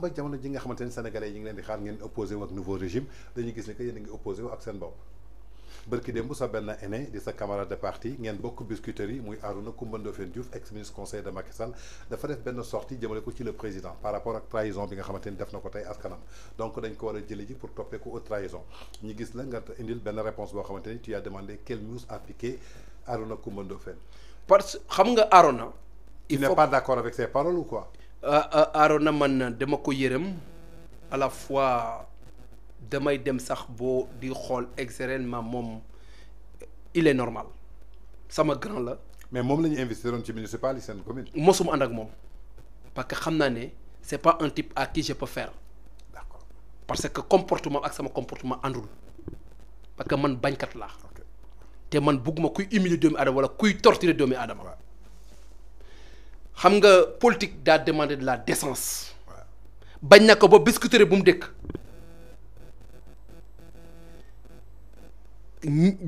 xam ba jamono ji nga xamanteni sénégalais yi ngi leen di xaar ngeen opposé wu nouveau régime dañuy gis ne que yéen ngi opposé wu ak seen bopp bërki démb sa benn aîné di sa camarade de parti ngeen bokk biscuiterie muy Arouna Coumba Ndoffène Diouf ex ministre conseil de Macky Sall dafa def benn sortie jëmale ko ci le président par rapport ak trahison bi nga xamanteni def na ko tey askanam donc dañ ko wara jël jële ji pour topé ko haute trahison ñu gis la nga indil benn réponse bo xamanteni tu as demandé quelle mousse a piqué Arouna Coumba Ndoffène parce xam nga Arouna il n'est pas d'accord avec ses paroles ou quoi Arona man dama ko yërëm à la fois damay dem sax bo di xol extérieurement mom il est normal sama grand la. mais mom lañu ñu investiroon ci municipal yi seen commune. mosum ànd ak moom parce que xamna né c'est pas un type à qui je peux faire. D'accord. parce que comportement ak sama comportement àndul parce que man bañkat laa. té man bugguma kuy humilier doomi adama, wala kuy torturer doomi adama xam nga politique daa demander de la décence bañ na ko ba biscuiterie bu mu dëkk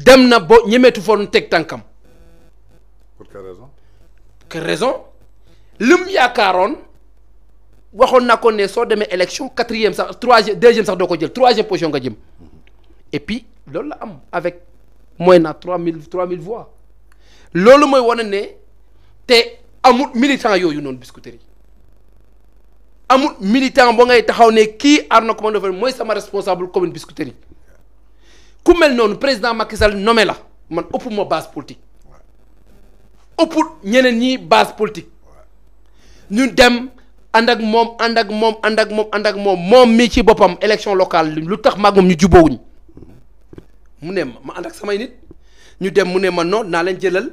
dem na ba ñemeetu foon teg tànkam. pour quelle raison. quelle raison lim yaakaaroon waxoon na ko ne soo demee élection quatrième sax troisième deuxième sax doo ko jël troisième position nga jëm et puis loolu la am avec moyennant trois mille trois mille voix loolu mooy wane ne te. Amout militant yo yon nan biskouteri. Amout militant bon yon ete haone ki Arna Koumandoveli mwen seman responsable koumoun biskouteri. Koumel nan, prezident Makisal nomen la. Mwen opou mwen bas politi. Opou nyenen nye bas politi. Nou dem, andag mom, andag mom, andag mom, andag mom, mom meti bopan, eleksyon lokal, loutak magom, nye djoubouni. Mwen dem, mwen andag samay nit, nou dem mwenen manon, nan len djelal.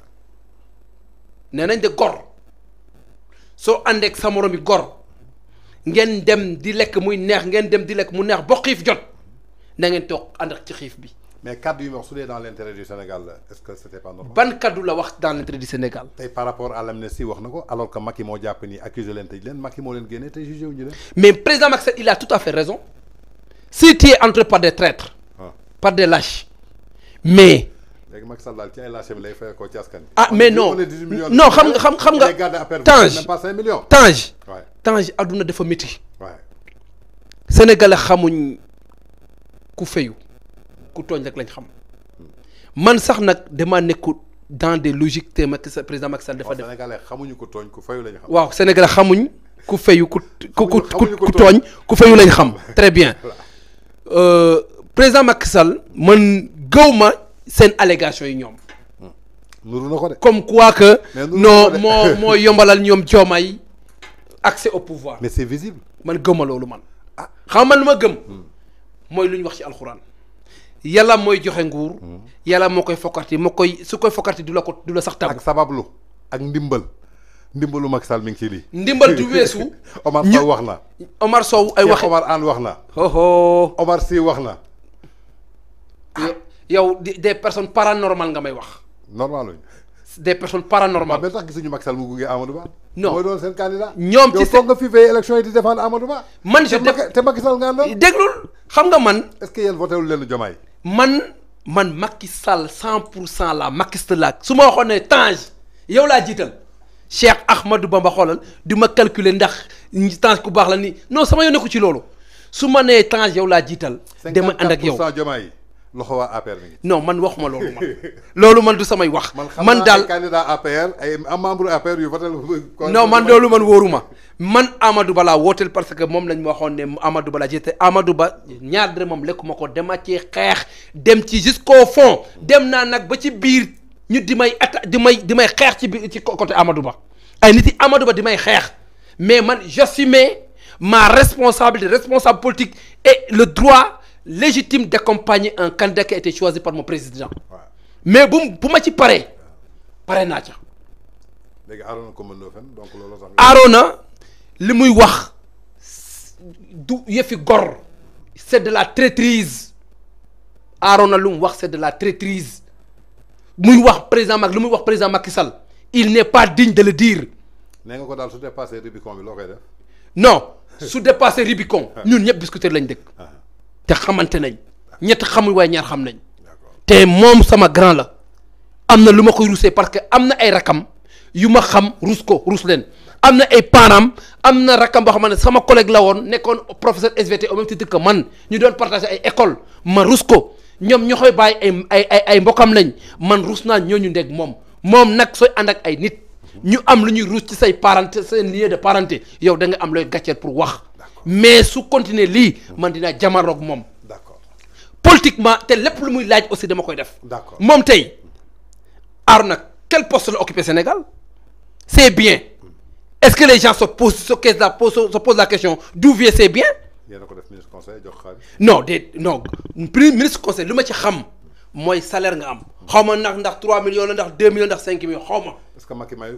nenañ de gor soo àndeek sa moroom yi gor ngeen dem di lekk muy neex ngeen dem di lekk mu neex ba xiif jot na ngeen toog ànd ci xiif bi. mais kaddu yi wax su dee dans l' intérêt du Sénégal est-ce que c'était pas normal. ban kaddu la wax dans l' intérêt du Sénégal. tey par rapport à l'amnistie wax na ko alors que Macky moo jàpp ni accusé leen tëj leen Macky moo leen génne tey jugé wu ñu leen. mais président Macky il a tout à fait raison si tu es entré par des traîtres. Ah. par des lâches mais. Ah, mais non non xam nga xam nga Tange Tange Tange Tange. sénégalais xamuñ ku feyu ku togn rek lañ xam hmm. man sax dans des logiques thématiques le président Macky Sall dafa def sénégalais ku togn ku lañ xam waaw sénégalais xamuñ ku très bien euh, président Maxal, Sall man gëw sen allégation yi ñom nuru nako ko de. comme quoi que. non moo moo yombalal ñoom Diomaye accès au pouvoir. mais c'est visible. man gëmma loolu man. Ah. xam man luma gëm. moy hmm. luñ wax ci alcorane yalla moy joxe nguur. Hmm. yalla mo koy fokkarti mo koy su koy fokkarti du la ko du la sax tàggu. ak sabablu ak ndimbal. ndimbalu Macky Sall mi ngi ci li ndimbal du wessu Omar Sow wax na. Omar Sow ay wax Omar Anne wax ho Omar si wax na. yow des personnes paranormales nga may wax. normal lañu. des personnes paranormales. waaw ba gisuñu Macky Sall mu gunge Amadou Ba. non mooy ñoom ci seen man te Macky Sall nga àndal. déglul xam nga man. est-ce que yéen voté wul leen man man Macky Sall 100 pour cent la Macky Sall su ma waxoon ne Tange yow laa jiital Cheikh ba Bamba xoolal du ma calculer ndax Tange ku baax la ni no sama yoon nekku ci loolu su ma nee Tange yow laa jiital. dama ànd ak yow 50 pour cent ne APR non man waxuma ne man pas. man du samay wax. man dal sais APR ay APR pas. Je non man pas. man woruma. man Amadou Bala. ne parce que ne lañ ma Je ne Amadou Je ne Amadou Ba ñaar sais pas. Je ko sais pas. dem jusqu'au fond dem sais pas. ba ci sais ñu Je may sais pas. Je ne Ba Ba mais man j'assume ma responsabilité responsable politique et le droit légitime d'accompagner un candidat qui a été choisi par mon président. mais pour moi, c'est pareil C'est pareil naa ca. Arona ko est na fen donc loolu Arona wax du gor. C'est de la traîtrise Arona lu mu wax c'est de la traîtrise muy wax président Macky lu président Macky Sall il n'est pas digne de le dire. Tu nga ko daal su dépassé Rubicon bi loo koy def. non su dépassé Rubicon. ñun ñëpp discuter de ça ah. te xamante nañ ñett xamuñ waaye ñaar xam nañ te moom sama grand la am na lu ma koy rusee parce que am na ay rakam yu ma xam ruus ko rus leen am na ay paanaam am na rakkam boo xam ne sama collègue la woon nekkoon professeur SVT au même titre que man ñu doon partagé ay école ma rus ko ñoom ñoo koy bàyyi ay ay ay mbokkam lañ man rus naa ñu ndeg moom moom nag sooy ànd ak ay nit ñu am lu ñuy rus ci say parenté sa lien de parenté yow da nga am looy gàcceel pour wax mais su continuer lii man dinaa jamaroog moom. d'accord politiquement c'est tout lu muy laaj aussi dama koy def. d'accord moom tey quel poste occupe occupé Sénégal c'est bien est-ce que les gens se posent se posent la question d'où vient c'est bien. Non, a un ministre ministre conseil non le premier ministre conseil lu ma ci xam salaire nga am. xaw ma ndax 3 millions 2 millions 5 millions est-ce que je mayu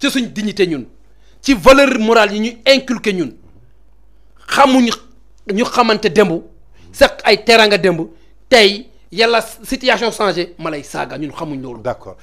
ci suñ dignité ñun ci valeur morale yi ñu inculqué ñun xamuñu ñu xamante d'embu, sax ay téranga dembu tey yalla situation changé malay saga ñun xamuñ loolu d'accord